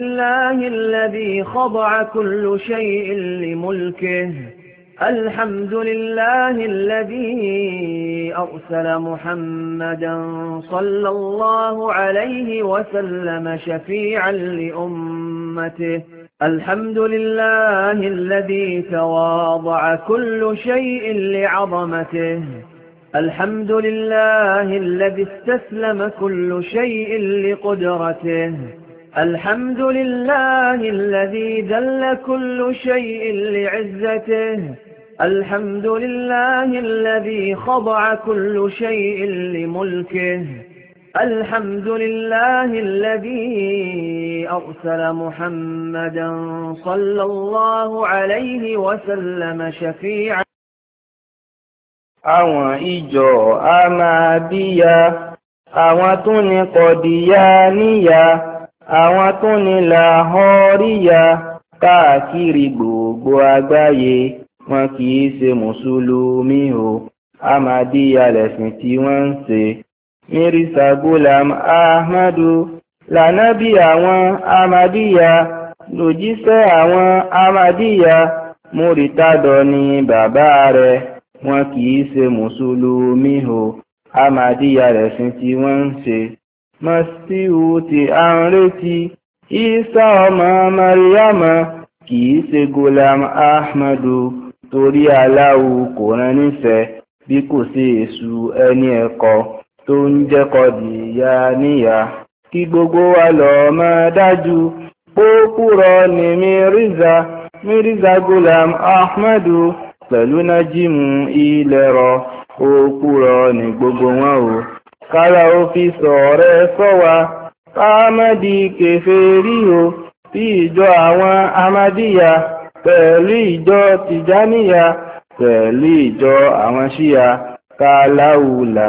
الله الذي خضع كل شيء لملكه الحمد لله الذي أرسل محمدا صلى الله عليه وسلم شفيعا لأمته الحمد لله الذي تواضع كل شيء لعظمته الحمد لله الذي استسلم كل شيء لقدرته الحمد لله الذي دل كل شيء لعزته الحمد لله الذي خضع كل شيء لملكه الحمد لله الذي أرسل محمدا صلى الله عليه وسلم شفيعا àwọn ìjọ amadíyà àwọn tó ní kọ̀díyà níyà àwọn tó ní làhọ́ríyà káàkiri gbogbo àgbáyé wọn kì í ṣe mùsùlùmí o amadiya lẹ̀sìn tí wọ́n ń ṣe mirisa gulam ahmadu lànábì àwọn amadiya lòjíṣẹ́ àwọn amadiya múritádọ ni bàbá rẹ̀ wọn kì í ṣe mùsùlùmí o amadiya lẹ̀sìn tí wọ́n ń ṣe masiu tí a ń retí isa ọmọ mariama kì í gulam ahmadu torí aláwo kò rán níṣẹ́ bí kò ṣe èṣù ẹni ẹ̀kọ́ tó ń jẹ́kọ̀ dìyà níyà kí gbogbo wa lọ máa dájú pókúrọ ni mírízà mírízà gulam ahmadu pẹ̀lú nájímù ilẹ̀rọ pókúrọ ni gbogbo wọn o kára ó fi sọ̀rẹ́ sọ wa káàmẹ́dì kèfèrí o sí ìjọ àwọn amadíyà pẹ̀lú ìjọ tìjáníyà pẹ̀lú ìjọ àwọn ṣíyà káàláwùlà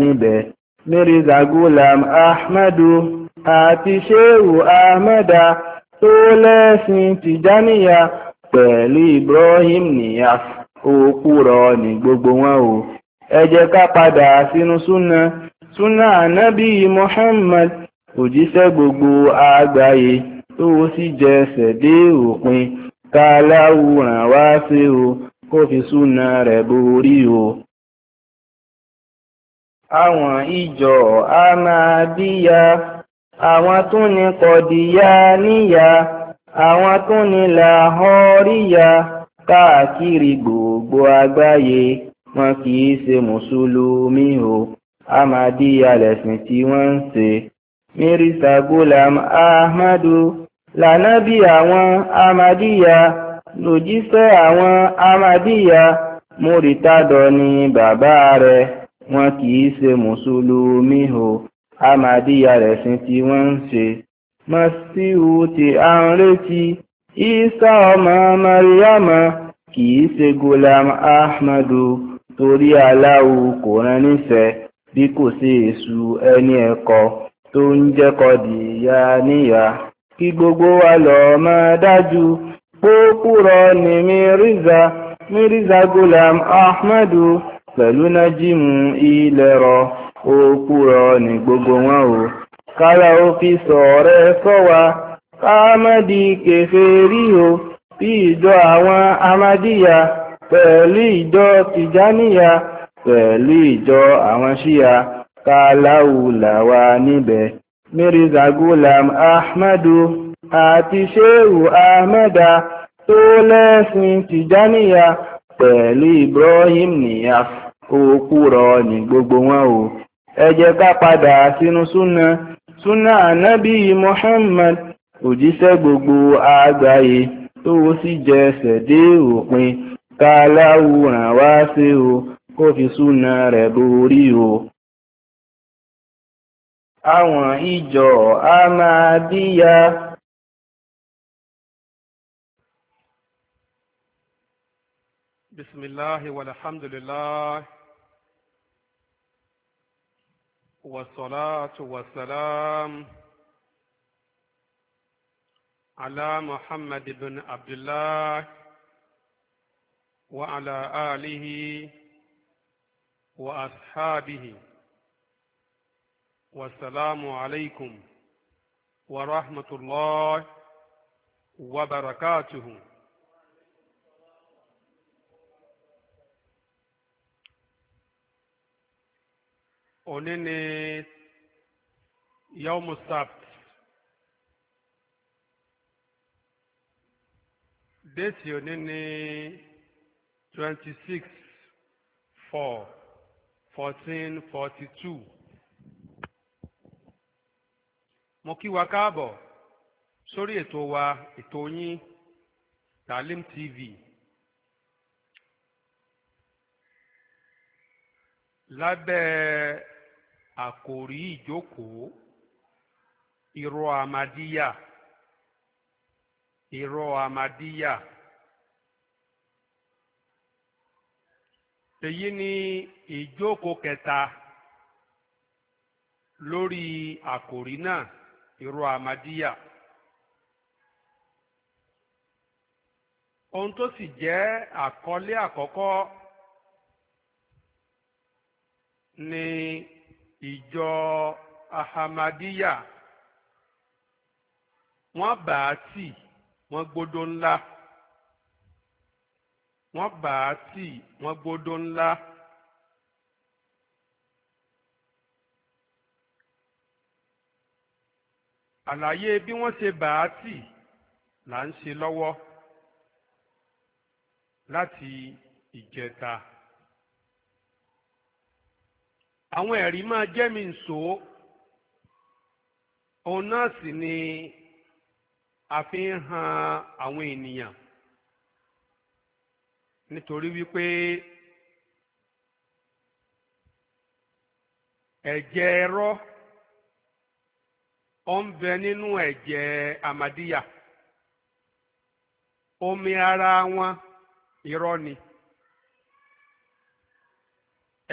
níbẹ̀ Mirza Gulam Ahmadu àti Shehu Ahmeda tó lẹ́sìn tìjáníyà pẹ̀lú Ibrahim Niyas òkúrọ̀ ní gbogbo wọn o ẹ ká padà sínú súnà súnà ànábì Muhammad òjíṣẹ́ gbogbo àgbáyé tó sì jẹsẹ̀ dé òpin káláwù ràn wá sí o kó fi súnà rẹ̀ borí o àwọn ìjọ amábíyá àwọn tó ní kọdíyá níyà àwọn tó ní làhọ́ríyà káàkiri gbogbo àgbáyé wọn kì í ṣe mùsùlùmí o Ahmadiyya lẹ̀sìn tí wọ́n ń ṣe. Mírísà Gúlam Ahmadu lànábì àwọn Ahmadiyya lòjíṣẹ́ àwọn Ahmadiyya múrítàdọ̀ ni bàbá rẹ̀ wọn kì í ṣe mùsùlùmí o Ahmadiyya lẹ̀sìn tí wọ́n ń ṣe. Masihu tí a ń retí Isa ọmọ Mariama kì í ṣe Gúlam Ahmadu torí Allahu kò rán níṣẹ́. bí kò ṣe èṣù ẹni ẹ̀kọ́ tó ń jẹ́kọ̀ dìyà níyà kí gbogbo wa lọ mọ̀ dájú pópúrọ̀ ní mírízà mírízà gulam ahmadu pẹ̀lú nájímù o òpúrọ̀ ní gbogbo wọn o kára ó fi sọ̀rẹ́ wa káàmọ́dì kèfèrí o bí ìjọ àwọn amadíyà pẹ̀lú ìjọ tìjáníyà pẹ̀lú ìjọ àwọn ṣíya káláwùláwà níbẹ̀ mirza gulam ahmadu àti shehu ahmeda tó lẹ́sìn tìjáníyà pẹ̀lú ibrahim niyas òkúrọ ní gbogbo wọn o ẹ jẹ́ ká padà sínú súnà súnà ànábì muhammad òjíṣẹ́ gbogbo àgbáyé tó sì jẹsẹ̀ dé òpin káláwù sí o. kó fi súnà rẹ̀ borí o àwọn ìjọ بسم الله والحمد لله والصلاة والسلام على محمد بن عبد الله وعلى آله وأصحابه والسلام عليكم ورحمة الله وبركاته أنني يوم السبت déètì òní ní twenty six four fourteen forty two. mo kí wa káàbọ̀ sórí ètò wa ètò yín Taalim TV lábẹ́ àkòrí ìjókòó irọ́ Ahmadiyya irọ́ Ahmadiyya. èyí ni ìjókòó kẹta lórí àkòrí náà irọ́ Ahmadiyya ohun tó sì jẹ́ àkọlé àkọ́kọ́ ni ìjọ Ahmadiyya wọ́n bàá tì wọ́n gbódó ńlá wọ́n bà á tì wọ́n gbódó ńlá. àlàyé bí wọ́n ṣe bà á tì là ń ṣe lọ́wọ́ láti ìjẹta. àwọn ẹ̀rí máa jẹ́ mi nsò òun náà sì ni a fi ń han àwọn ènìyàn. nítorí wípé ẹ̀jẹ̀ ẹ̀rọ ó ń bẹ nínú ẹ̀jẹ̀ àmàdíyà omi ara wọn irọ́ ni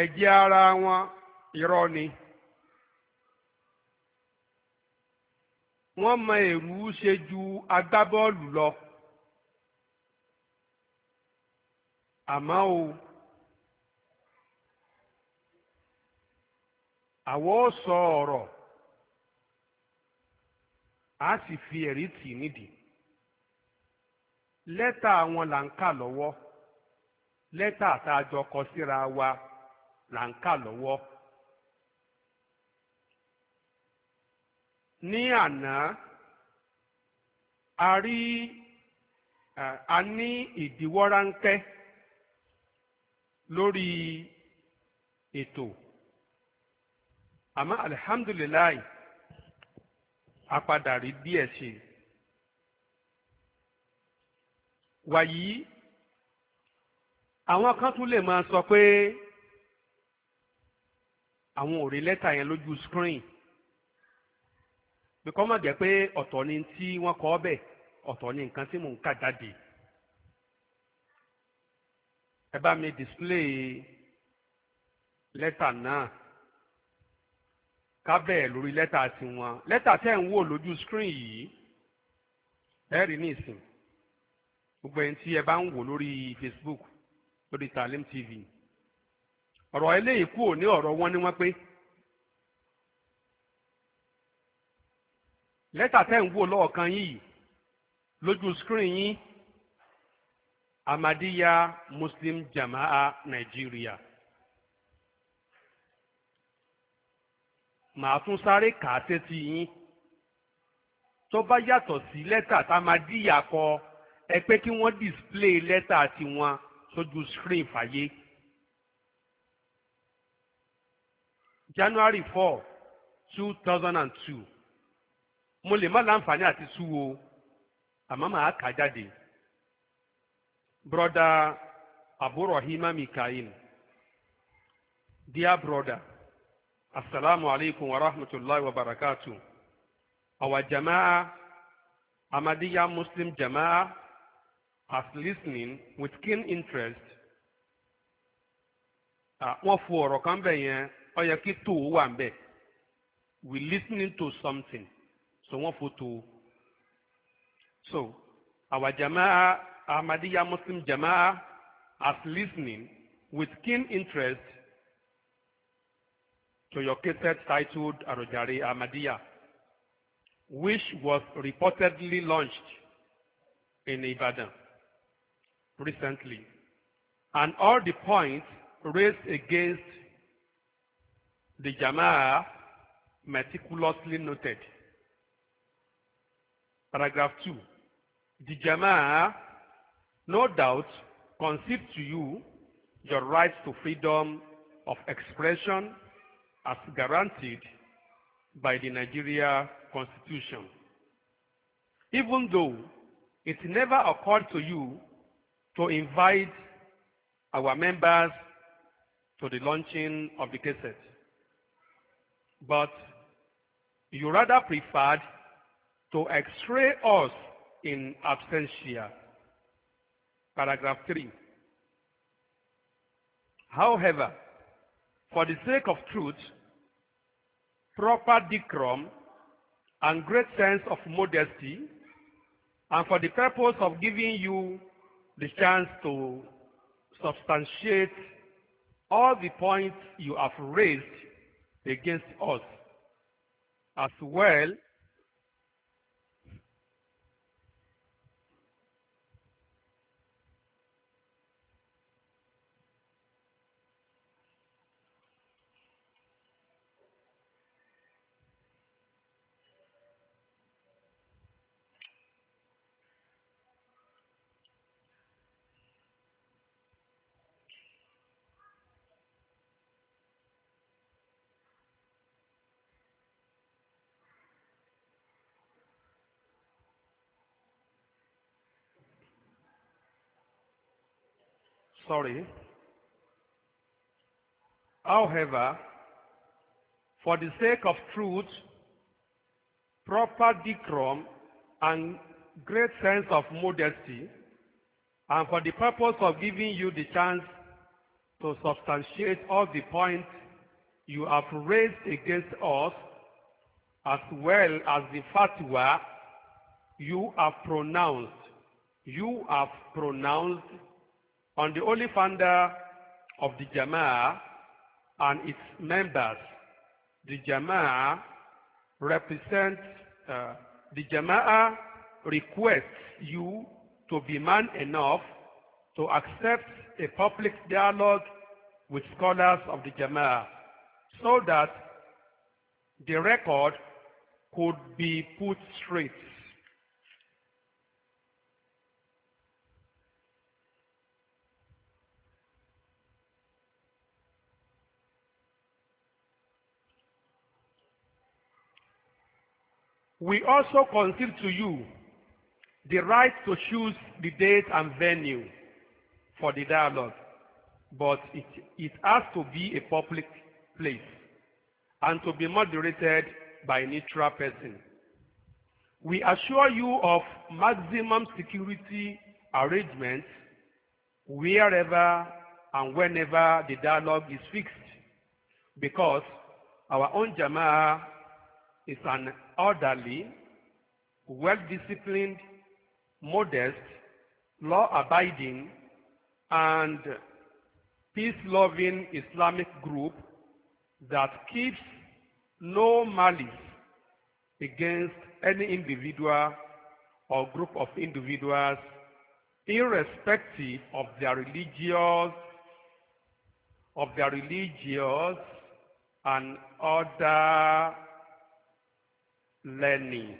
ẹ̀jẹ̀ ara wọn irọ́ ni wọ́n mọ èrú ṣe ju agbábọ́ọ̀lù lọ. àmọ́ o àwọ̀ ó sọ ọ̀rọ̀ a fi ẹ̀rí tì leta lẹ́tà àwọn nka ń leta lọ́wọ́ lẹ́tà wa la nka kà ni ní àná a a ní lórí ètò àmọ́ alihamdulilayi apadà rí díẹ̀ sí i wàyí àwọn kan tún lè máa sọ pé àwọn ò rí lẹ́tà yẹn lójú screen bí kò má jẹ́ pé ọ̀tọ̀ ni tí wọ́n kọ ọ́ bẹ̀ ọ̀tọ̀ ni nǹkan tí mò ń kà jáde ẹ bá mi display lẹ́tà náà kábẹ̀ lórí lẹ́tà tiwọn lẹ́tà tẹ́ ń wò lójú screen yìí ẹ rí ní ìsìn gbogbo ẹni tí ẹ bá ń wò lórí Facebook lórí Talim TV ọ̀rọ̀ eléyìí kú ò ní ọ̀rọ̀ wọn ni wọ́n pé lẹ́tà tẹ́ ń wò lọ́ọ̀kan yìí lójú screen yìí Ahmadiyya Muslim Jama'a Nigeria. màá tún sáré kà á sétí yín tó bá yàtọ̀ sí lẹ́tà tá a máa díyà kọ ẹ pé kí wọ́n display lẹ́tà tiwọn sójú screen fàyè. January four two thousand and two mo lè má láǹfààní àti sú o àmọ́ màá kà jáde brother Abu Rahima Mikail. Dear brother, Assalamu alaikum wa rahmatullahi wa barakatuh. Our Jama'a, Ahmadiyya Muslim Jama'a, has listening with keen interest. Uh, wọ́n fún ọ̀rọ̀ kan bẹ̀ yẹn, ó yẹ kí tòun wà ń We listening to something, so wọ́n fún tòun. So, our Jama'a. Ahmadiyya Muslim Jama'ah as listening with keen interest to your cassette titled Arojare Ahmadiyya, which was reportedly launched in Ibadan recently, and all the points raised against the Jama'ah meticulously noted. Paragraph 2. The Jama'ah no doubt concede to you your right to freedom of expression as guaranteed by the Nigeria Constitution. Even though it never occurred to you to invite our members to the launching of the cassette, but you rather preferred to extray us in absentia paragraph 3. However, for the sake of truth, proper decorum, and great sense of modesty, and for the purpose of giving you the chance to substantiate all the points you have raised against us, as well sorry. However, for the sake of truth, proper decorum, and great sense of modesty, and for the purpose of giving you the chance to substantiate all the points you have raised against us, as well as the fatwa you have pronounced. You have pronounced on the only founder of the Jama'ah and its members. The Jama'ah represents, uh, the Jama'ah requests you to be man enough to accept a public dialogue with scholars of the Jama'ah so that the record could be put straight. We also concede to you the right to choose the date and venue for the dialogue, but it, it has to be a public place and to be moderated by a neutral person. We assure you of maximum security arrangements wherever and whenever the dialogue is fixed because our own Jama'ah is an orderly, well-disciplined, modest, law-abiding, and peace-loving Islamic group that keeps no malice against any individual or group of individuals irrespective of their religious of their religious and other many.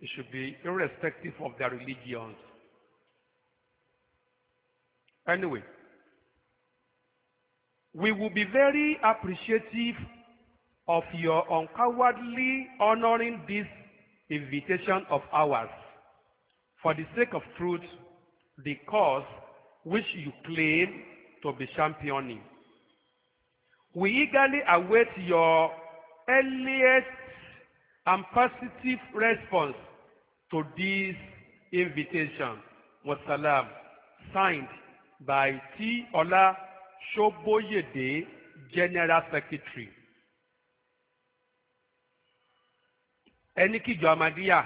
It should be irrespective of their religions. Anyway, we will be very appreciative of your uncowardly honoring this invitation of ours for the sake of truth, the cause which you claim to be championing. We eagerly await your earliest and positive response to this invitation. Wasalam. Signed by T. Ola Shoboyede, General Secretary. ẹni kíjọ Amadiya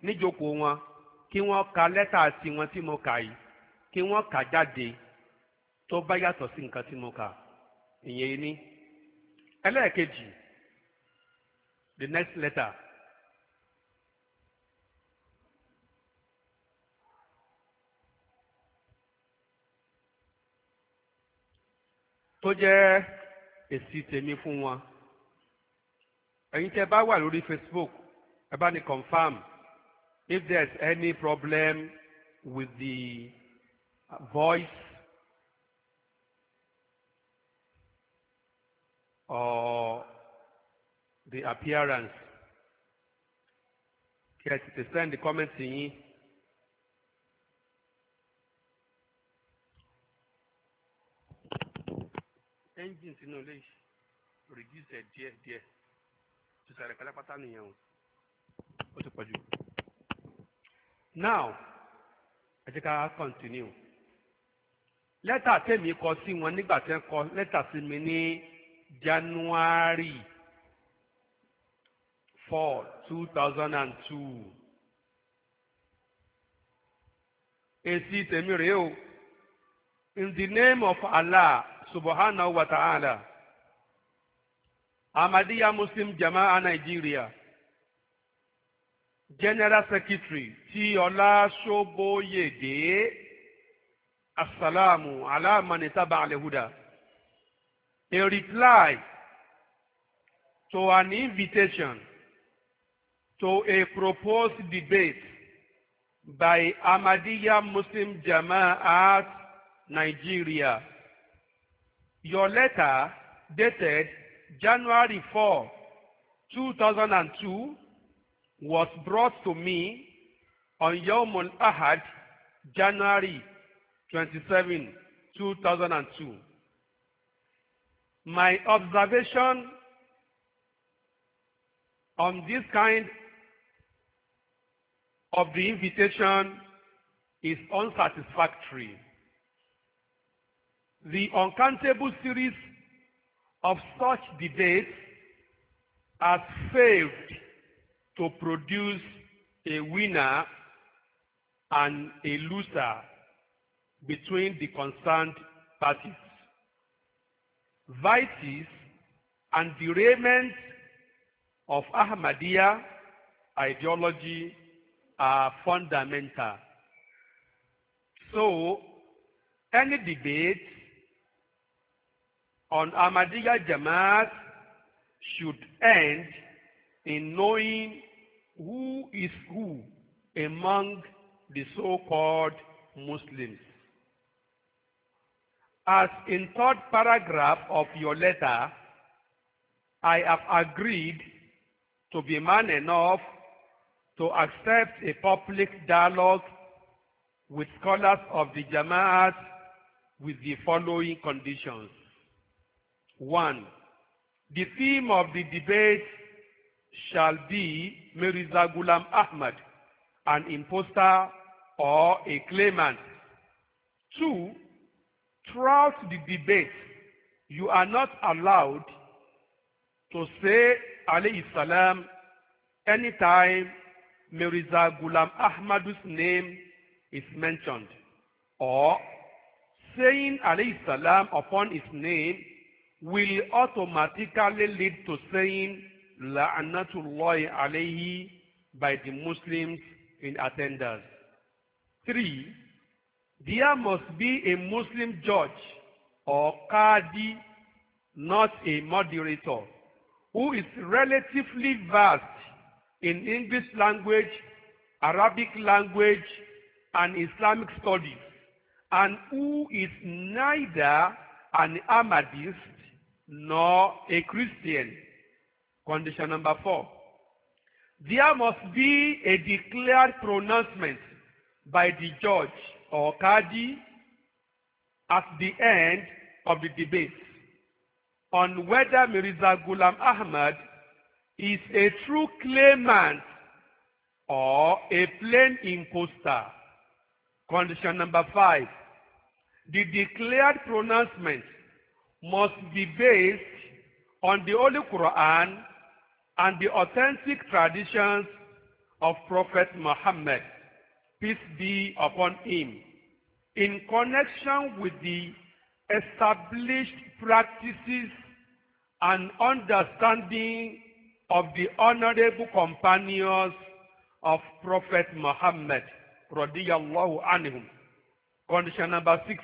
níjókòó wọn kí wọ́n ka lẹ́tà tiwọn tí mo kà yìí kí wọ́n kà jáde tó bá yàtọ̀ sí nǹkan tí mo kà ìyẹn ení ẹlẹ́ẹ̀kejì the next letter tó jẹ́ èsì tèmi fún wọn ẹ̀yin tẹ́ bá wà lórí Facebook ẹ bá ní confirm if there's any problem with the voice or the appearance kí ẹ tètè the comment yín. engine sínú ilé yìí reduce ẹ díẹ̀ díẹ̀ sísàlẹ̀ now I jẹ́ ká continue lẹ́tà tèmi kọ sí wọn nígbà tí wọ́n kọ let us mi me. January 4, 2002. Èsì tèmi rèé o. In the name of Allah subhanahu wa ta'ala. Amadiya Muslim Jama'a Nigeria. General Secretary Ti Ọlá Ṣóbóyèdé. Asalaamu ala mani taba alihuda a reply to an invitation to a proposed debate by Ahmadiyya Muslim Jama'at Nigeria. Your letter dated January 4, 2002 was brought to me on Yom Ahad, January 27, 2002 my observation on this kind of the invitation is unsatisfactory. The uncountable series of such debates has failed to produce a winner and a loser between the concerned parties. vices, and derailment of Ahmadiyya ideology are fundamental. So, any debate on Ahmadiyya Jamaat should end in knowing who is who among the so-called Muslims. As in third paragraph of your letter, I have agreed to be man enough to accept a public dialogue with scholars of the Jamaat with the following conditions. One, the theme of the debate shall be Mirza Ghulam Ahmad, an impostor or a claimant. Two, throughout the debate, you are not allowed to say alayhi salam anytime Mirza Ghulam Ahmadu's name is mentioned or saying alayhi salam upon his name will automatically lead to saying la'anatullahi alayhi by the Muslims in attendance. Three. There must be a Muslim judge or qadi, not a moderator, who is relatively versed in English language, Arabic language, and Islamic studies, and who is neither an Ahmadist nor a Christian. Condition number four. There must be a declared pronouncement by the judge or Kadi at the end of the debate on whether Mirza Ghulam Ahmad is a true claimant or a plain impostor. Condition number five, the declared pronouncement must be based on the Holy Quran and the authentic traditions of Prophet Muhammad peace be upon him, in connection with the established practices and understanding of the honorable companions of Prophet Muhammad radiyallahu Condition number six.